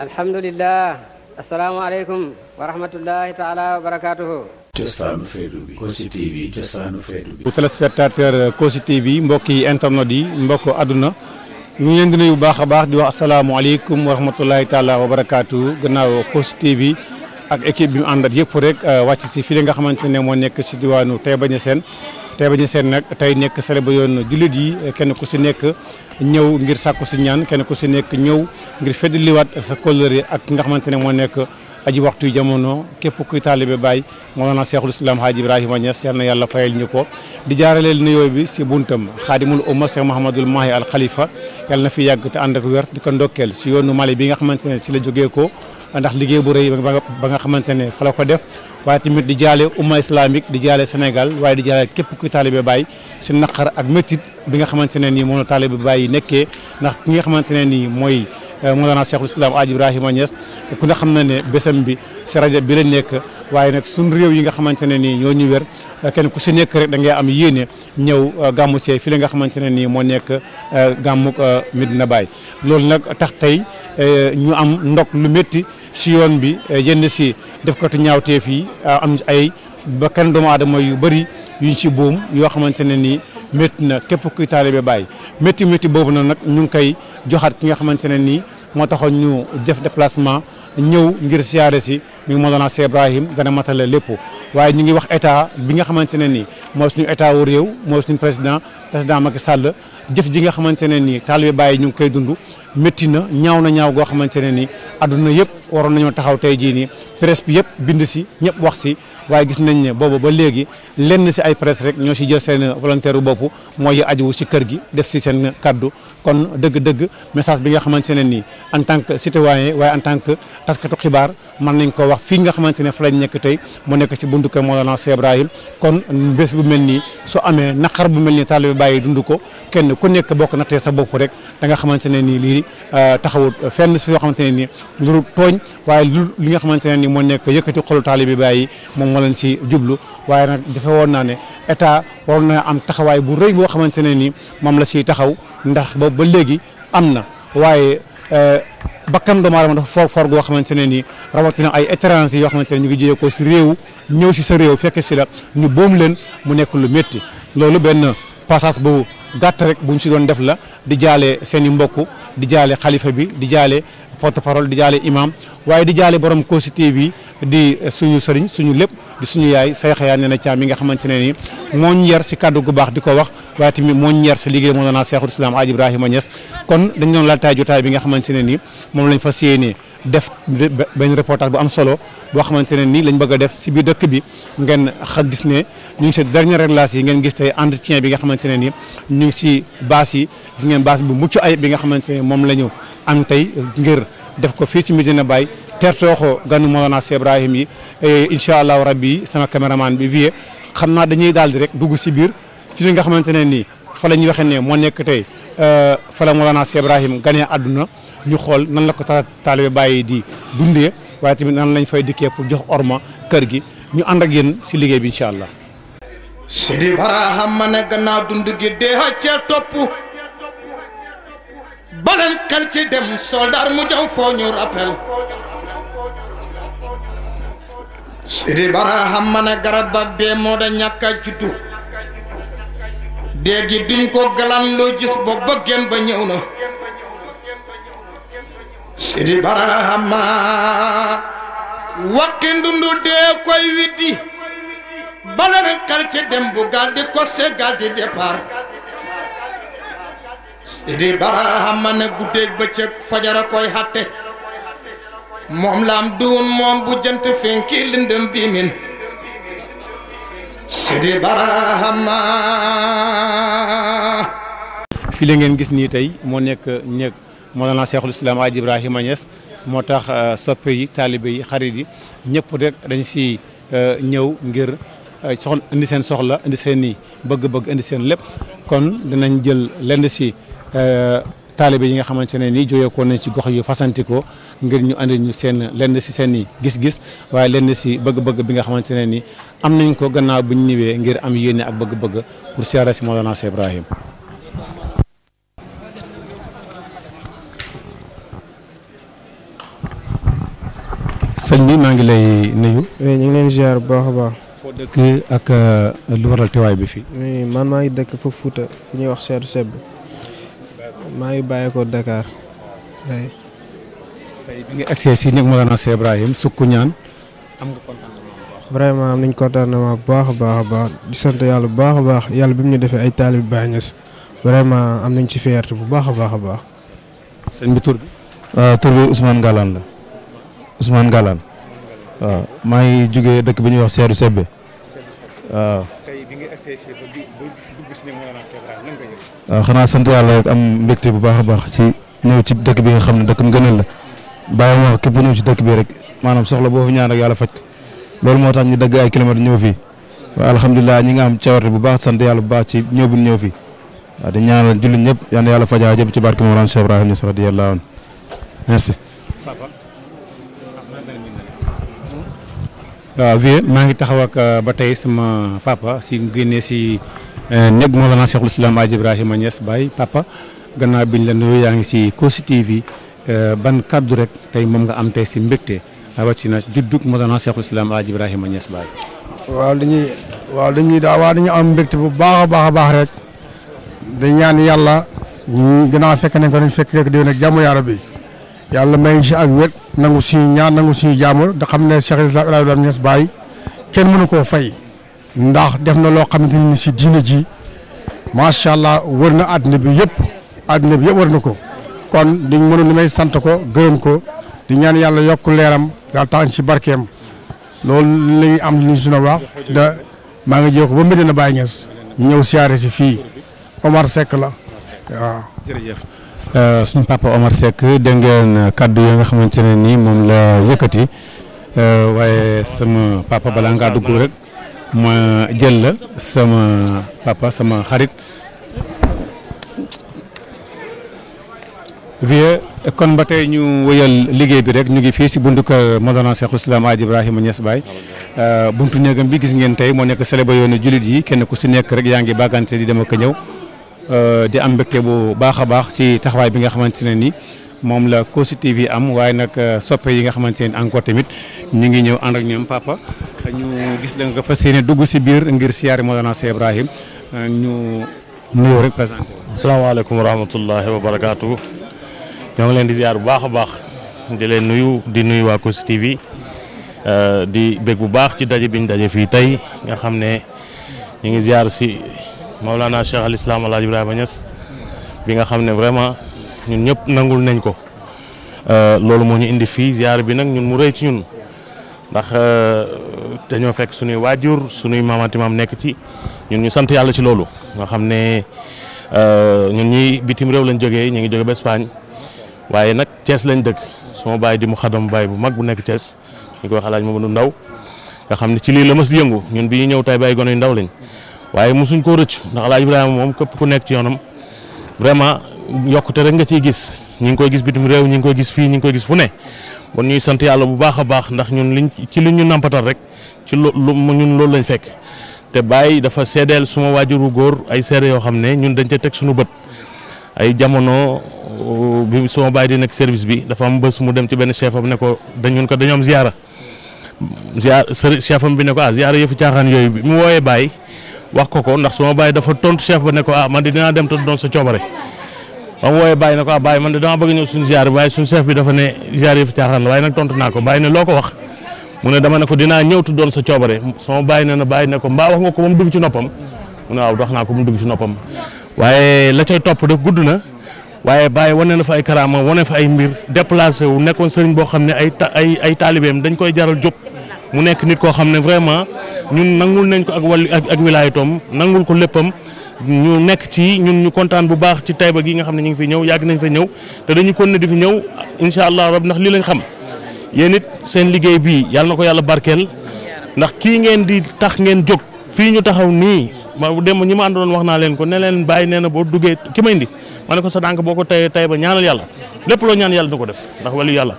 alhamdulilah asalaamaaleykum wa rahmatullahi taala wa barakaatuhu cosaanu feetu bi Kossy TV feetu bi téléspectateur euh, Kossy TV mbokk yi internet yi mbokk àdduna ñu ngi yu di baax a baax di wax asalaamaaleykum wa rahmatullahi taala wa barakaatuhu gannaaw Kossy bi ak équipe bi mu àndat yëpp rek euh, wàcc si fii nga xamante ne moo nekk si diwaanu Taïba seen tey ba ñu nag tey nekk sele ba yoon jullit yi kenn ku si nekk ñëw ngir sàkku si ñaan kenn ku si nekk ñëw ngir feddliwaat sa kóllëre ak nga xamante ne moo nekk aji waxtu jamono képp kuy taalibe Baay Mawlana Cheikhul Islam Hadji Ibrahima Niass yal na yàlla fayal ñu ko di jaaraleel nuyoo bi si buntam xaadimul umma Cheikh Mahamadul Mahi al Khalifa yàlla na fi yàgg te ànd ak wér di ko ndokkeel si yoonu Mali bi nga xamante ne si la jógee ko ndax liggéey bu rëy ba nga xamante ne fa la ko def waaye tamit di jaale umma islamique di jaale Sénégal waaye di jaale képp ku taalibe Baay si naqar ak métit bi nga xamante ne nii moom la taalibe Baay nekkee ndax ki nga xamante ne nii mooy eh, Mawlana Cheikhul Islam Aji Ibrahima ñees ku ne xam na ne bésam bi si rajo bi la nekk waaye nag suñ réew yi nga xamante ne nii ñoo ñu wér eh, kenn ku si nekk rek da ngay am yéene ñëw eh, gàmmu see fi nga xamante ne nii moo nekk gàmmu Medina Baye loolu nag tax tey ñu am ndok lu métti si yoon bi yenn eh, si def ko tu fii ah, am ay bakkan doomu aadama yu bëri yuñ si buum yoo xamante ne nii métti na képp kuy taalibe bàyyi métti métti boobu na nag ñu ngi koy joxat ki nga xamante ne nii moo taxoon ñu def déplacement ñëw ngir siyaare si mi ngi Mawlana Cheikh Ibrahim gën a matale lépp waaye ñu ngi wax état bi nga xamante ne nii mooy suñu état wu réew mooy suñu président président Macky Sall jëf ji nga xamante ne nii taalibe Baay ñu ngi koy dund métti na ñaaw na ñaaw goo xamante ne nii adduna yëpp waroon nañoo taxaw tey jii nii presse bi yëpp bind si ñëpp wax si waaye gis nañ ne boobu ba léegi lenn si ay presse rek ñoo si jël seen volontaire bopp mooy ajuwu si kër gi def si seen kàddu kon dëgg-dëgg message bi nga xamante ne nii en tant que citoyen waaye en tant que taskatu xibaar mën nañ koo wax fii nga xamante ne fa lañ nekk tey mu nekk ci buntu kër Mawlana Cheikh Ibrahim kon bés bu mel nii su amee naqar bu mel nii taalibe bàyyi dund ko kenn ku nekk bokk nattee sa bopp rek da nga xamante ne nii lii euh, taxawut fenn si yoo xamante ne nii lu tooñ waaye lu li nga xamante ne nii moo nekk yëkkati xolu taalibe bàyyi moom moo leen si jublu waaye nag dafa woon naa ne état waroon na am taxawaay bu rëy boo xamante ne nii moom la siy taxaw ndax boobu ba léegi am na Euh, bakkan doomu aadama dafa for for goo xamante ne nii rawatina ay étranger yoo xamante ne ñu ngi jëlee ko si réew ñëw si sa réew fekke si la ñu boom leen mu nekk lu métti loolu benn passage boobu gàtt rek bu ñu si doon def la di jaalee seen i mbokk di jaalee xalifa bi di jaale porte parole di jaale imam waaye di jaale borom Kossy bi di suñu sëriñ suñu lépp di suñu yaay say xayaa nee na caam yi nga xamante ne nii moo ñu si kàddu gu baax di ko wax waaye tamit moo ñu yar si liggéey moo doonaa Cheikhul Islam Aji Ibrahima Niass kon dañ doon laal taay jotaay bi nga xamante ne nii moom lañ fa yéenee def benn reportage bu am solo boo xamante ne nii lañ bëgg a def si biir dëkk bi ngeen xa gis ne ñu ngi si dernière glace yi ngeen gis tey entretien bi nga xamante ne nii ñu ngi si baas yi gis ngeen baas bu mucc ay bi nga xamante ne moom la ñu am tey ngir def ko fii si Medina Baye teertoo ko ganu Mawlana Cheikh Ibrahim yi incha allahu rabbi sama caméraman bi vie xam naa dañuy daal di rek dugg si biir fi nga xamante ne nii fa la ñuy waxee ne moo nekk tey euh, fa la Mawlana Cheikh Ibrahim àdduna ñu xool nan la ko taalibe bàyyi di dundee waaye tamit nan lañ fay dikkee pour jox orma kër gi ñu ànd ak yéen ci liggéey bi incha allah. Sidi Baraham ma ne gannaaw dund gi dee ca topp baleen kan ci dem soldaar mu jëm foo ñu rappel. Sidi Baraham ma ne garab ak dee moo da ñàkk a dee gi duñ ko galan loo gis ba bëggeen ba ñëw na. sidi barahama wakki ndundu dee koy widdi balaren quartier dem bu galdi kosse galdi départ sidi barahama ne guddeeg bëccëg fajara koy hatte moom laam duun moom bu jant fenki lindëm biimin sidi barahama fi la ngeen gis nii tey moo nekk néeg Mawlana Cheikhul Islam Aji Ibrahima Niass moo tax euh, soppe yi taalibe yi xarit yi ñëpp rek dañ si euh, ñëw ngir euh, soxla indi seen soxla indi seen i bëgg-bëgg indi seen lépp kon dinañ jël lenn si taalibe yi nga xamante ne nii jóge ko nañ ci gox yu fasantikoo ngir ñu andi ñu seen lenn si seen i gis-gis waaye lenn si bëgg-bëgg bi nga xamante ne nii am nañ ko gannaaw bu ñu ñëwee ngir am yéene ak bëgg-bëgg pour siyaare si Mawlana Cheikh Ibrahim sëñ bi maa ngi lay nuyu. oui ñu ngi leen ziar bu baax a baax. foo dëkk ak euh, lu waral teewaay bi fii. oui man maa ngi dëkk fa Fuuta fu ñuy wax seetu seb maa ngi bàyyeekoo Dakar. tey bi nga agsee si nag Mawlana Cheikh Ibrahim sukku ñaan am nga contentement bu baax. vraiment am nañ contentement bu baax a baax a baax di sant yàlla bu baax a baax yàlla bi mu ñu defee ay taalib Baay vraiment am nañ ci fierté bu baax a baax a baax. sëñ bi tur bi. Euh, tur bi Ousmane Galane la. Ousmane Galan waaw may ngi jugee dëkk bi ñuy wax Seeru Sebbe waaw. waaw xanaa sant yàlla rek am mbégte bu baax baax ci ñew ci dëkk bi nga xamne ne dëkkam gënal la baye mo wax képp ñëw ci dëkk bi rek manam soxla boo fi ñaan rek Yalla fajj lool mo tax ñu dëgg ay kilomètre ñew fi wa alhamdullilah ñi nga am cawarte bu baax sant Yalla bu baax ci ñew bu ñew fi wa di ñaanal jullit ñepp yalla fajj yàlla ci barke mo Mawlana Cheikh Ibrahima Niass radiyallahu anhu merci. waaw euh, vieux maa ngi taxaw ak euh, ba tey sama papa si génnee si euh, néeg Mawlana Cheikhul Islam Aji Ibrahima Niass Baye papa gannaaw biñ la nuyoo yaa ngi si Kossy TV ban kaddu rek tey moom nga am tey si mbégte rawatina juddug Mawlana Cheikhul Islam Aji Ibrahima Niass Baye. waaw dañuy waaw dañuy daa waaw am mbégte bu baax baax a baax rek. dañ ñaan yàlla ñu gën a fekk nañ ko dañ fekk rek di leen ak jàmm yaa rabbi yàlla may si ak wet nangu suñu ñaan nangu suñu jaamu da xam ne Cheikh Islam El Hadj Abdoulaye Niass Baye kenn mënu koo fay ndax def na loo xamante ni si diine ji macha allah wër na àddina bi yëpp àddina bi yëpp wër na ko kon di mënu li may sant ko gërëm ko di ñaan yàlla yokk leeram yàlla tax si barkeem loolu la am lu ñu suñu wax da maa ngi ko ba Medina Baye ngees ñëw siyaare si fii Omar Seck la waaw. jërëjëf. Euh, suñu papa Omar sek de ngeen kaddu yi nga xamantene ni mom la euh waye sama papa bala nga dugg rek ma jël la sama papa sama xarit. vieux kon ba nyu ñu wëyal liggéey bi rek ñu ngi fi si buntu kër Mawlana Cheikhul Islam Aji Ibrahima bay euh buntu neegam bi gis ngeen tay mo nekk célébrer yoonu julit yi kenn ku ci nekk rek yaangi ngi di dem ak ñew Euh, di am mbégte bu baax a baax si taxawaay bi nga xamante ne ni moom la Kossy TV am waaye nag euh, soppe yi nga xamante ne encore tamit ñu ngi ñëw ànd ak ñoom papa ñu gis la nga fa yéene dugg si biir ngir siyaare Mawlana Cheikh Ibrahim euh, ñu nuyoo rek présenté asalaamaaleykum wa rahmatullahi wa ñoo ngi leen di ziar bu baax a baax di leen nuyu di nuyu waa Kossy TV di bég bu baax ci daje biñ daje fii tey nga xam ne ñu ngi ziar si Maulana Cheikh Al Islam Al ibrahim Ibrahima bi nga xamne ne vraiment ñun ñep nangul nañ ko euh, lolu mo ñu indi fi ziar bi nak ñun mu reey ci ñun ndax euh, dañu fekk suñu wajur suñu mamati mam nek ci ñun ñu sante yalla ci lolu nga xamne ne euh, ñun ñi bitim rew lañ joge ñi ngi joge ba Espagne waye nak ties lañ dëkk suma baay di mu xadam bu mag bu nek ties ñi ko xalaaj moomu ndaw nga xamne ne ci li la mas yëngu ñun bi ñu ñëw tay bay gono ndaw lañ waaye mosuñ koo rëcc ndax laaj Ibrahima moom këpp ku nekk ci yoonam vraiment yokkute rek nga ciy gis ñu ngi koy gis bitim réew ñi ngi koy gis fii ñi ngi koy gis fu ne bon ñuy sant yàlla bu baax a baax ndax ñun liñ ci liñ ñu nampatal rek ci lu ñun loolu lañ fekk te bàyyi dafa seedeel suma waajuru góor ay seede yoo xam ne ñun dañ ca teg suñu bët ay jamono uh, bi suma Baye di nekk service bi dafa am bés mu dem ci benn chef am ne ko dañun ko dañoo am ziara ziara chef am bi ne ko ah ziara yooyu bi mu wax ko ko ndax suma bàyyi dafa tontu chef ba ne ko ah man de dinaa dem te doon sa coobare ba mu wooyee bàyyi na ko ah bàyyi man de dama bëgg ñëw suñu ziar bi waaye suñu chef bi dafa ne ziar yi fi caaxaan la waaye nag tontu naa ko bàyyi ne loo ko wax mu ne dama ne ko dinaa ñëw te doon sa coobare sama bàyyi ne na bàyyi ne ko mbaa wax nga ko ba mu dugg ci noppam mu ne waaw wax naa ko ba mu dugg ci noppam waaye la cay topp de gudd na waaye bàyyi wane na fa ay karaama wane fa ay mbir déplacé wu nekkoon sëriñ boo xam ne ay ay ay taalibeem dañ koy jaral jóg mu nek nit ko xamne vraiment ñun nangul nañ ko ak wàllu ak wilayatom nangul ko leppam ñu nek ci ñun ñu contane bu baax ci tayba gi nga xamne ñi ngi fi ñew yag nañ fa ñew te dañu konne di fi ñew inshallah allah rab ndax lii lañ xam yéen seen liggey bi yalla na yalla barkel ndax ngeen di tax ngeen jog fi ñu taxaw ni ma dem ñi ma andon wax na leen ko ne leen baye neena bo duggé ki may indi ma ko sa dank boko ko tayba ñaanal yalla lepp lo ñaan yalla na ko def ndax wàllu yalla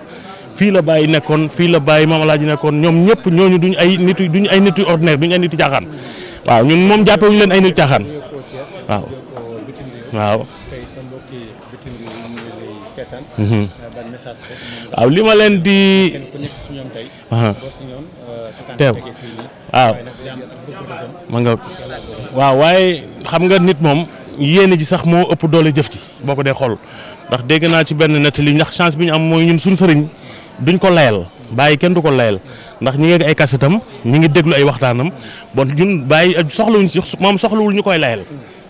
fii la bàyyi nekkoon fii la bàyyi maam Alaaji nekkoon ñoom ñëpp ñooñu duñ ay nit duñ ay nit yu ordinaire duñ ay nit yu caaxaan waaw ñun moom jàppee leen ay nit caaxaan mhm. waaw li ma leen di teew waaw ma waaw waaye xam nga nit moom yéene ji sax moo ëpp doole jëf ci boo ko dee xool ndax dégg naa ci benn nett li ndax chance bi ñu am mooy ñun suñu sëriñ duñ ko layal bàyyi kenn du ko layal ndax ñi ngi ay kasetam ñi ngi déglu ay waxtaanam bon ñun bàyyi soxlawuñ moom soxlawul ñu koy layal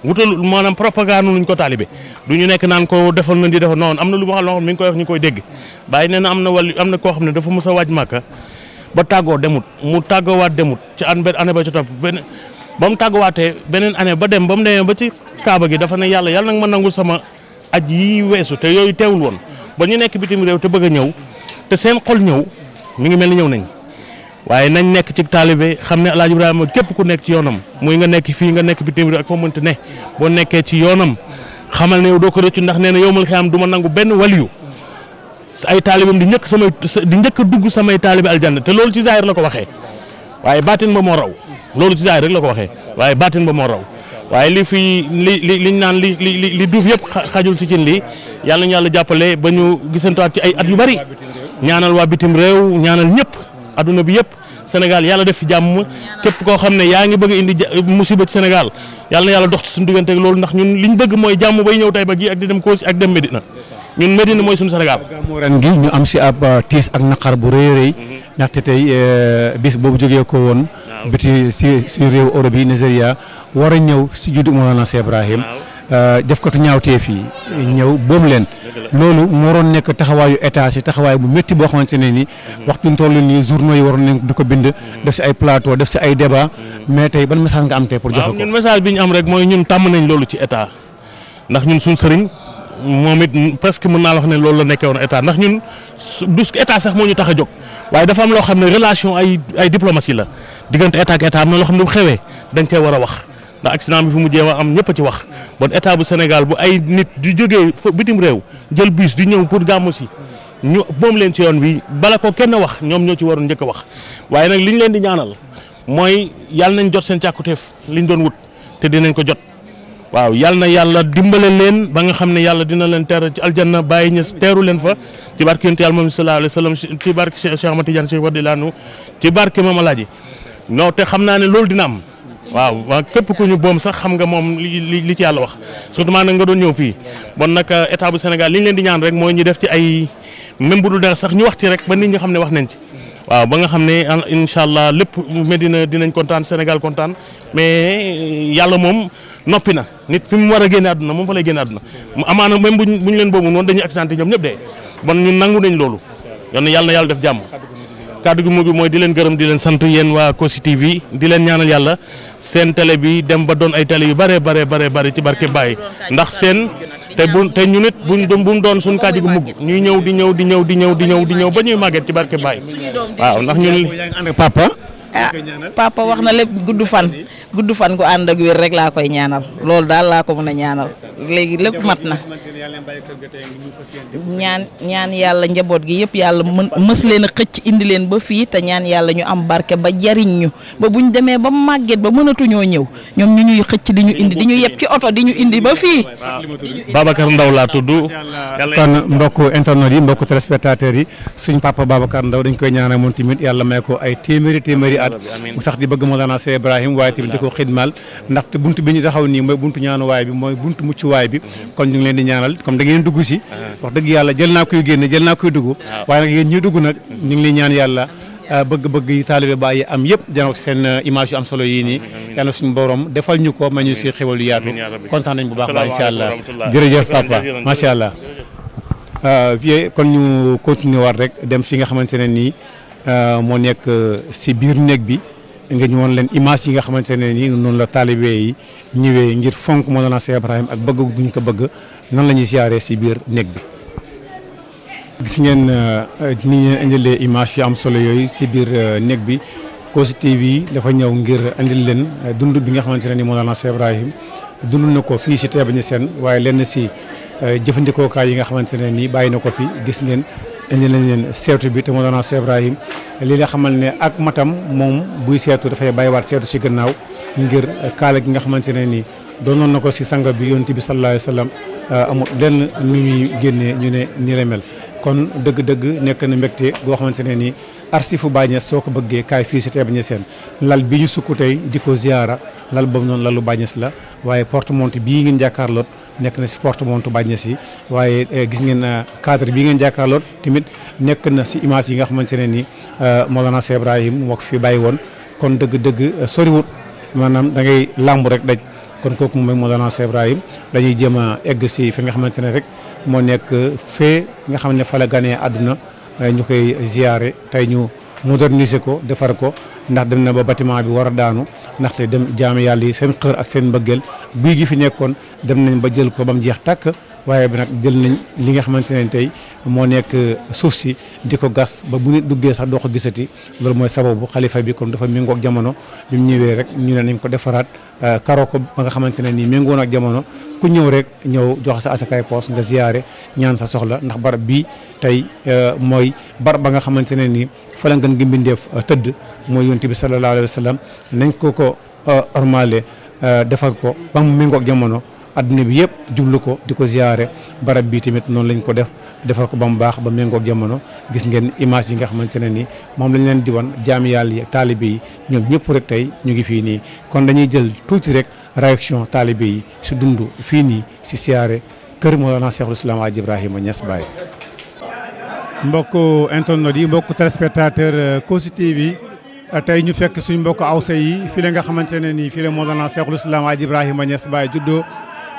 wutal maanaam propagande luñ ko taalibe du ñu nekk naan ko defal na di defal noonu am na lu ma xam loo xam mi koy wax ñu koy dégg bàyyi nee na am na wàll koo xam ne dafa mos a waaj màkka ba tàggoo demut mu tàggoowaat demut ci an année ba ci topp benn ba mu tàgguwaatee beneen année ba dem ba mu demee ba ci kaaba gi dafa ne yàlla yàlla nag ma nangul sama aj yi weesu te yooyu teewul woon ba ñu nekk bitim réew te bëgg a ñëw te seen xol ñëw mu ngi mel ni ñëw nañ waaye nañ nekk ci taalibe xam ne El Hadj Ibrahima képp ku nekk ci yoonam muy nga nekk fii nga nekk bi réew ak foo mënti ne boo nekkee ci yoonam xamal ne yow doo ko rëccu ndax nee na yow mal xiyaam du ma nangu benn waliyu ay taalibeem di njëkk samay di njëkk dugg samay taalibe aljanna te loolu ci zaahir la ko waxee waaye baatin ba moo raw loolu ci zaahir la ko waxee waaye baatin ba moo raw waaye li fi li li liñ naan li li li duuf yëpp xajul ci cin lii yàlla ñu jàppale ba ñu gisantuwaat ci ay at yu bari ñaanal waa bitim réew ñaanal ñëpp adduna bi yëpp Sénégal yàlla def fi jàmm képp koo xam ne yaa ngi bëgg indi musiba ci Sénégal yàlla na yàlla dox ci suñu diggante loolu ndax ñun liñ bëgg mooy jàmm bay ñëw tay ba gi ak di dem Kossy ak dem Medina ñun Medina mooy suñu Sénégal. gàmmu ren gi ñu am si ab euh, tiis ak naqar bu rëy rëy mm-hmm. ndaxte tey euh, bis boobu jogee ko woon. biti si si réew Europe yi Nigeria war a ñëw si juddu a Cheikh Ibrahim jëfkatu euh, ñaawteef yi ñëw boobu leen loolu moo waroon nekk taxawaayu état si taxawaay bu métti boo xamante ne ni mhm. waxtu ñu toll nii journaux yi waroon nañ di ko bind mhm. def si ay plateau def si ay débat mhm. mais tey ban message nga am tey pour joxe ko ñun message bi ñu am rek mooy ñun tàmm nañ loolu ci état ndax ñun suñ sëriñ moom it presque mën naa wax ne loolu la nekkee woon état ndax ñun du état sax moo ñu tax a jóg waaye dafa am loo xam ne relation ay ay la diggante état ak état a ndax accident bi fi mu jeewa am ñëpp a ci wax bon état bu Sénégal bu ay nit di jógee bitim réew jël bus di ñëw pour gàmmu si ñu boom leen ci yoon bi bala ko kenn wax ñoom ñoo ci waroon njëkk a wax waaye nag li ñu leen di ñaanal mooy yàlla nañ jot seen càkkutéef liñ doon wut te dinañ ko jot waaw yàlla na yàlla dimbale leen ba nga xam ne yàlla dina leen teer ci aljanna bàyyi ña teeru leen fa ci barke yonent yàlla moom sallallahu alayhi wa sallam ci barke Cheikh Ahmad Tidiane barke Mama Laaji non te xam naa ne loolu dina am waaw waaw képp ku ñu boom sax xam nga moom li li ci yàlla wax surtout nag nga doon ñëw fii bon nag euh, état bu Sénégal li ñu leen di ñaan rek mooy ñu def ci ay même bu dul dara sax ñu wax ci rek ba nit ñi xam ne wax nañ ci. waaw ba nga xam ne ah, incha allah lépp Medina dinañ kontaan Sénégal kontaan mais euh, yàlla moom noppi na nit fi mu war a génne àdduna moom fa lay génne àdduna mu amaana même bu ñu leen boobu noonu dañuy accidenté ñoom ñëpp de bon ñun nangu nañ loolu. yoon yàlla yàlla def jàmm. kàddu gi mujj mooy di leen gërëm di leen sant yéen waa Kossy TV di leen ñaanal yàlla seen télé bi dem ba doon ay télé yu bare bare bare bare ci barke Baye ndax seen te bu te ñu nit buñ bu mu doon suñ kàddu gi mugg ñuy ñëw di ñëw di ñëw di ñëw di ñëw di ñëw ba ñuy màgget ci barke Baye waaw ndax ñun ah, papa ah, papa wax na lépp gudd fan guddu fan gu ànd ak rek la koy ñaanal lool daal la ko mëna ñaanal léegi lepp matna na ñaan ñaan yalla njabot gi yep yalla mën mës leen xëcc indi leen ba fi te ñaan yalla ñu am barké ba jariñ ñu ba buñ démé ba ba ñëw ñom ñu ñuy xëcc di indi di ñu yeb ci auto di indi ba fi babakar Ndaw la tuddu kon mbokk internet yi mbokk téléspectateur yi suñu papa babakar Ndaw dañ koy ñaanal moom timit yalla may ko ay téméré téméré at sax di bëgg Mawlana Cheikh Ibrahim waaye timit ko ndax te buntu bi ñu taxaw ni moy buntu way bi moy buntu way bi kon ñu ngi leen di ñaanal comme da ngeen dugg ci wax deug yalla jël na koy génn jël na koy dugg waaye nak yéen ñi dugg nak ñu ngi leen ñaan yalla ah, bëgg-bëgg yi talibé Baay yi am yëpp janook seen ah, image yu am solo yi ni yalla suñu borom defal ñu ko mañu ci xewal yu yaatu content nañ bu baax baax inshallah allah jërëjëf papa sha allah vie kon ñu continuer war rek dem fi nga xamantene ni ah, mo nek ci biir bi nga ñu leen image yi nga xamante ne nii noonu la taalibe yi ñëwee ngir fonk Mawlana Cheikh Ibrahim ak bëgg guñ ko bëgg nan la ñuy siyaaree si biir néeg bi. gis ngeen euh, euh, ni ñu indilee am solo yooyu si biir euh, néeg bi Kossy TV dafa ñëw ngir indil leen dund bi nga xamante ne nii Mawlana Cheikh Ibrahim dund na ko fii si Taïba seen waaye lenn si jëfandikookaay yi nga xamante ne nii bàyyi na ko fi gis ngeen. indi lañ leen seetu bi te moo doon Cheikh Ibrahim lii la xamal ne ak matam moom buy seetu dafay bàyyiwaat seetu si gannaaw ngir kaala gi nga xamante ne nii doonoon na ko si sanga bi yonent bi sallallahu alayhi wa sallam euh, amul lenn nu muy génnee ñu ne nii la mel. kon dëgg-dëgg nekk na mbégte goo xamante ne nii arsifu bàññees soo ko bëggee kaay fii si Taïba Niassène lal bi ñu sukku tey di ko ziyaara lal boobu noonu lalu bàññees la waaye porte-monnaie bii ngeen jàkkaarloot. nekk na si porte montu bàññe si waaye eh, gis ngeen eh, cadre bii ngeen jàkkaarloon tamit nekk na si image yi nga xamante ne ni eh, Mawlana Cheikh Ibrahim moo ko fi bàyyi woon kon dëgg-dëgg soriwut maanaam da ngay làmb rek daj kon kooku moom mooy Mawlana Ibrahim dañuy jéem a egg si fi nga xamante ne rek moo nekk fee nga xam ne fa la àdduna ñu koy ziyaare tey ñu moderniser ko defar ko ndax dem na ba batiment bi war a daanu ndaxte dem jaami yàlla yi seen xër ak seen mbëggeel guy gi fi nekkoon dem nañ ba jël ko ba mu jeex tàkk waaye bi nag jël nañ li nga xamante ne tey moo nekk euh, suuf si di ko gas ba bu nit duggee sax doo ko gisati loolu mooy sababu xalifa bi comme dafa méngoo ak jamono bi mu ñëwee rek ñu ne nañ ko defaraat euh, karo ko ba nga xamante ne nii méngoon ak jamono ku ñëw rek ñëw jox sa asakaay poos nga ziyaare ñaan sa soxla ndax barab bii tey euh, mooy barab ba nga xamante ne nii fa la ngeen gi mbindeef euh, tëdd mooy yonent bi sallallahu alayhi nañ ko ko euh, ormale defar ko ba mu méngoog jamono adduna bi yëpp jublu ko di ko ziyaare barab bii tamit noonu lañ ko def defar ko ba mu baax ba méngoog jamono gis ngeen image yi nga xamante ne nii moom lañ leen di wan yàlla yi taalibe yi ñoom ñëpp rek tey ñu ngi fii nii kon dañuy jël tuuti rek réaction taalibe yi si dund fii nii si siyaare kër Mawlana Cheikhul Islam Hadj Ibrahima Niass Baye. mbokku internautes yi mbokku téléspectateur euh, Kossy TV euh, tey ñu fekk suñu mbokk awsa yi fii la nga xamante ne nii fii la Mawlana Cheikhul Islam Hadj Ibrahima Niass Baye juddoo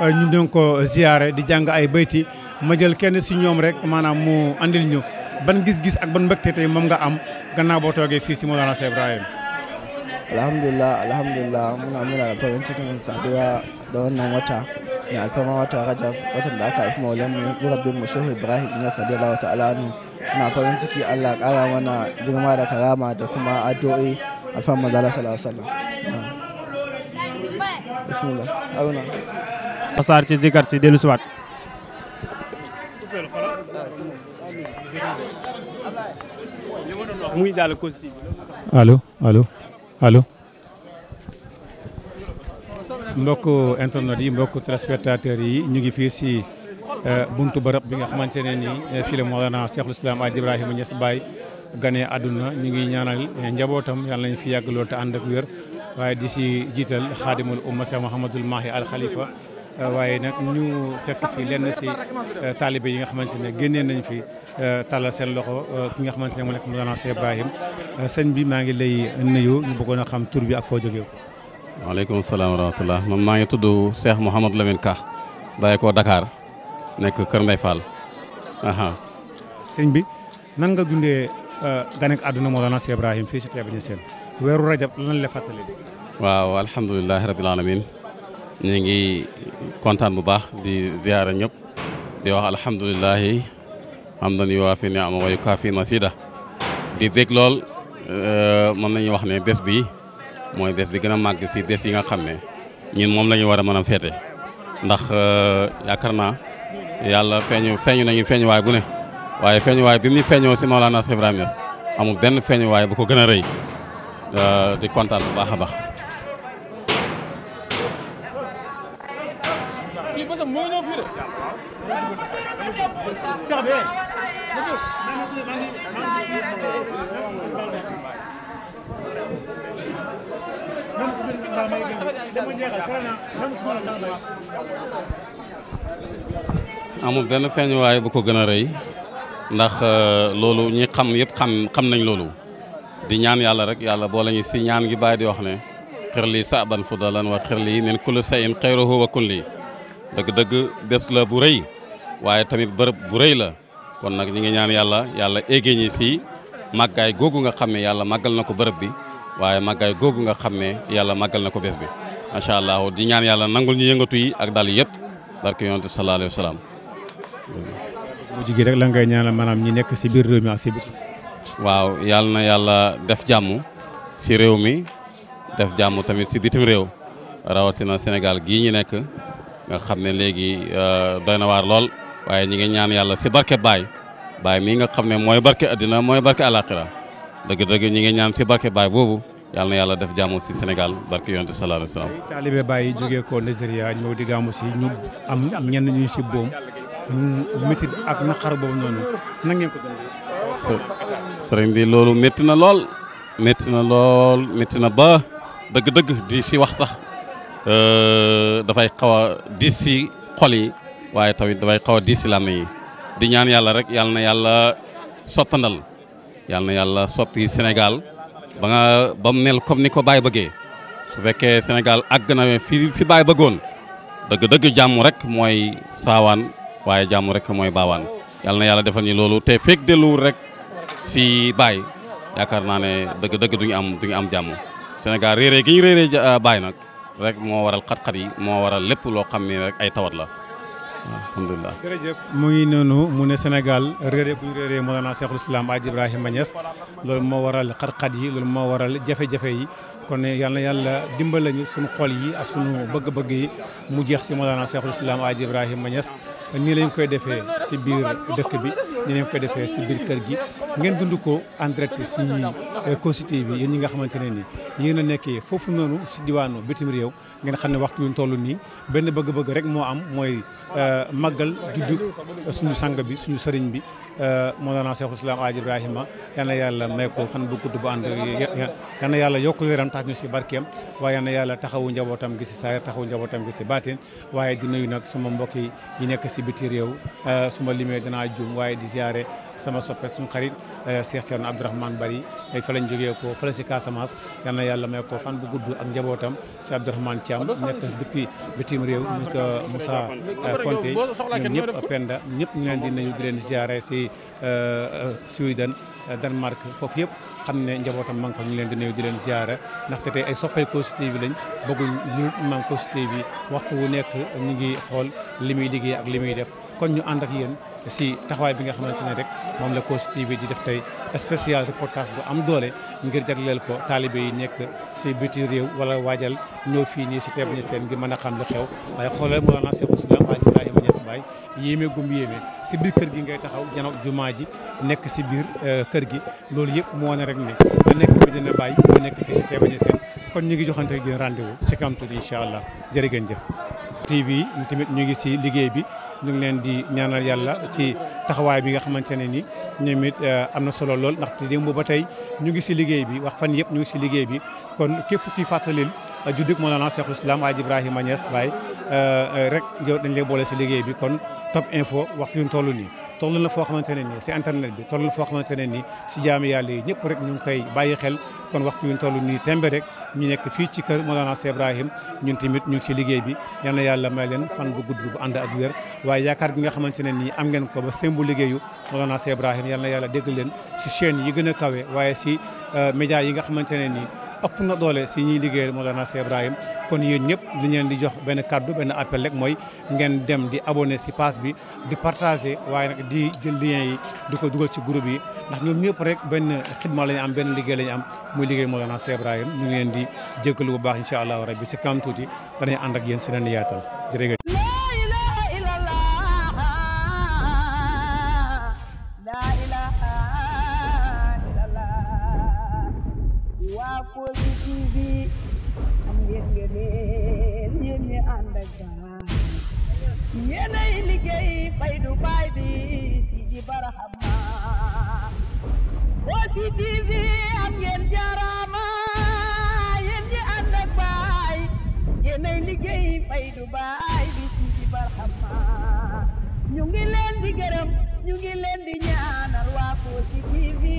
euh, ñu doon ko ziyaare di jàng ay bayti ma jël kenn si ñoom rek maanaam mu andil ñu ban gis-gis ak ban mbégte tey moom nga am gannaaw boo toogee fii si Mawlana Cheikh Ibrahima. alhamdulillah alhamdulillah muna muna da farin cikin saduwa da wannan wata mai alfama wata rajab watan da aka haifi maulan mu murabbin mu shehu ibrahim ya sadiyallahu ta'ala nu muna farin ciki allah kara mana girma da karama da kuma addu'o'i alfarma mazala sallallahu alaihi wasallam allo allo allo mbokk internet yi mbokk téléspectateurs yi ñu ngi fii si euh, buntu barab bi nga xamante ne nii euh, fii la Mawlana Cheikhul Islam Aj Ibrahima Niass Baye ganee àdduna ñu ngi ñaanal euh, njabootam yàlla nañ fi yàgg lool te ànd ak wér waaye di si jiital xaadimul umma Cheikh Mouhamadul Mahi al Euh, waaye nag ñu fekk fi lenn si euh, taalibe yi nga xamante ne génneen nañ fi euh, tàllal seen loxo ki nga xamante ne mu nekk Mawlana Cheikh Ibrahim sëñ bi maa ngi lay nuyu ñu bëggoon a xam tur bi ak foo jógee. waaleykum salaam wa rahmatulah man maa ngi tudd Cheikh Mouhamadou Lamine Ka bàyyi ko dakaar nekk Kër Ndey Fall. sëñ bi nan nga dundee ganek àdduna Mawlana Cheikh Ibrahim fii si Taïba Niassène weeru rajab lan la fàttali. waaw alhamdulilah rabil alamin ñu ngi kontaan bu baax di ziyaara ñëpp di wax alhamdulilahi hamdan yuwaafi ni'ama wa yukaafi masida di dégg lool euh, mën nañu wax ne des bi mooy des bi gën a màgg si des yi nga xam ne ñun moom la ñu war a mën a feete ndax euh, yaakaar naa yàlla feeñu feeñu nañu feeñuwaay bu ne waaye waay bi mu feeñoo si Maolana Cheikh amul benn feeñuwaay bu ko gën a rëy euh, di kontaan bu baax a baax amul benn feeñuwaay bu ko gën a rëy ndax euh, loolu ñi xam yëpp xam xam nañ loolu di ñaan yàlla rek yàlla boo ñu si ñaan gi bàyyi di wax ne xir lii saaban fu dalan wa xir lii nen kulu sayin xayruhu wa kun dëgg-dëgg des bu rëy waaye tamit bërëb bu rëy la kon nag ñi ngi ñaan yàlla yàlla éggee ñi si màggaay googu nga xam ne yàlla màggal na ko bërëb bi waaye màggaay googu nga xam ne yàlla màggal na ko bés bi macha allah di ñaan yàlla nangul ñu yëngatu yi ak dal yëpp barke yonent sallallahu wa salaam. mujj gi rek la ngay ñaanal maanaam ñi nekk si biir réew mi ak si biti waaw yàlla na yàlla def jàmm si réew mi def jàmm tamit si bitim réew rawatina Sénégal gii ñu nekk nga xam ne léegi euh, doy na waar lool. waaye ñu ngi ñaan yàlla si barke baay baay mii nga xam ne mooy barke àddina mooy barke alaxira dëgg-dëgg ñu ngi ñaan si barke baay boobu yàlla na yàlla def jàmm si Sénégal barke yonent sallallahu alayhi wa sallam taalibe baay yi jógee ko Nigeria ñëw di gàmmu si ñu am ñenn ñuy si boom métit ak naqar boobu noonu na ngeen ko dundee bi loolu métti na lool métti na lool métti na ba dëgg-dëgg di si wax sax euh, dafay xaw di si xol yi waaye tamit dafay xaw a diis si làmmiñ yi di ñaan yàlla rek yàlla na yàlla sottandal yàlla na yàlla sotti Sénégal ba nga ba nel comme ni ko Baye bëggee su fekkee Sénégal àgg na fi fi Baye bëggoon dëgg-dëgg jàmm rek mooy saawaan waaye jàmm rek mooy baawaan yàlla na yàlla defal nii loolu te fekk delluwul rek si Baye yaakaar naa ne dëgg-dëgg duñu am duñu am jàmm Sénégal réeré gi ñu réeré Baye nag rek moo waral xat-xat yi moo waral lépp loo xam ne rek ay tawat la. alhamdulilah jërëjëf mu ngi noonu mu ne Sénégal réeree bu ñu réeree Mawlana Cheikhul Islam Aji Ibrahima Niass loolu moo waral xat-xat yi loolu moo waral jafe-jafe yi kon yal na yàlla dimbal lañu suñu xol yi ak suñu bëgg-bëgg yi mu jeex si Mawlana Cheikhul Islam Aji Ibrahima Niass nii lañ koy defee si biir dëkk bi dinañ ko defee si biir kër gi ngeen dund ko en direct si eh, Kossy TV yéen ñi nga xamante ne nii yéen a nekkee foofu noonu si diwaanu bitim réew ngeen xam ne waxtu wi toll nii benn bëgg-bëgg rek moo am mooy eh, màggal juddub eh, suñu sang bi suñu sëriñ bi Mawlana Cheikhul Islam Aji Ibrahima yal na yàlla may ko fan bu gudd bu ànd yal na yàlla yokk leeram tax si barkeem waaye na yàlla taxawu njabootam gi si saayir taxawu njabootam gi si baateen waaye dinayu nag suma mbokk yi nekk si biti réew suma ziare sama soppe suñu xarit eh, Cheikh Thierno Abdourahmane Bari ay eh, fa lañ jógee ko fële si Casamance yal na yàlla may ko fan bu gudd ak njabootam si Abdourahmane Thiam nekk ah, eh, leen di nuyu di leen ziare si Suède Danemark foofu yëpp xam ne njabootam maa ngi fa ñu leen di nuyu di leen ziara ndaxte tey ay soppay Kossy TV lañ bëgguñ ñu man Kossy TV waxtu wu nekk ñu ngi xool li muy liggéey ak li muy def kon ñu ànd ak yéen si taxawaay bi nga xamante ne rek moom la Kossy TV di def tey spécial reportage bu am doole ngir jagleel ko taalibe yi nekk si biti réew wala waajal ñëw fii nii si teeb ñu seen ngir mën a xam lu xew waaye xoolal moo naa Seexul Islaam Aji Ibrahima si biir kër gi ngay taxaw janoog jumaa ji nekk si biir euh, kër gi loolu yëpp moo ne rek ne nga nekk Medina Baay nga nekk fii si teeb seen kon ñu ngi joxante gi rendez-vous si kam tuuti incha allah jërë ngeen TV ñu tamit ñu ngi si liggéey bi ñu ngi leen di ñaanal yàlla si taxawaay bi nga xamante ne ni ñoom it euh, am na solo lool ndaxte démb ba tey ñu ngi si liggéey bi wax fan yëpp ñu ngi si liggéey bi kon képp ki fàttalil euh, juddug Mawlana Cheikhul Islam Hadj Ibrahima Niass Baye euh, rek yow dañ lay boole si liggéey bi kon Top Info wax suñu toll nii. toll na foo xamante ne nii si internet bi toll na foo xamante ne nii si jaamu yàlla yi ñëpp rek ñu ngi koy bàyyi xel kon waxtu wi toll nii tembe rek ñu nekk fii ci kër Mawlana Cheikh Ibrahim ñun tamit ñu ngi ci liggéey bi yal na yàlla may leen fan bu gudd bu ànd ak waaye yaakaar gi nga xamante ne nii am ngeen ko ba sëmbu liggéeyu Mawlana Cheikh Ibrahim yal na yàlla dégg leen si chaîne yi gën a kawe waaye si euh, média yi nga xamante ne nii ëpp na doole si ñuy liggéey Mawlana Cheikh Ibrahim kon yéen ñëpp li ñu di jox benn kàddu benn appel rek mooy ngeen dem di abonné si pace bi di partager waaye nag di jël lien yi di ko dugal si group yi ndax ñoom ñëpp rek benn xidma la ñu am benn liggéey lañ am muy liggéey Mawlana Cheikh Ibrahim ñu ngi leen di jéggalu bu baax incha allah rabbi si kanam tuuti danañ ànd ak yéen si leen yaatal Kossy TV am ngeen jaaraama yéen ñi ànd baay yéenay liggéey fay du baay bi si di barxama leen di gërëm ñu leen di ñaanal waa Kossy TV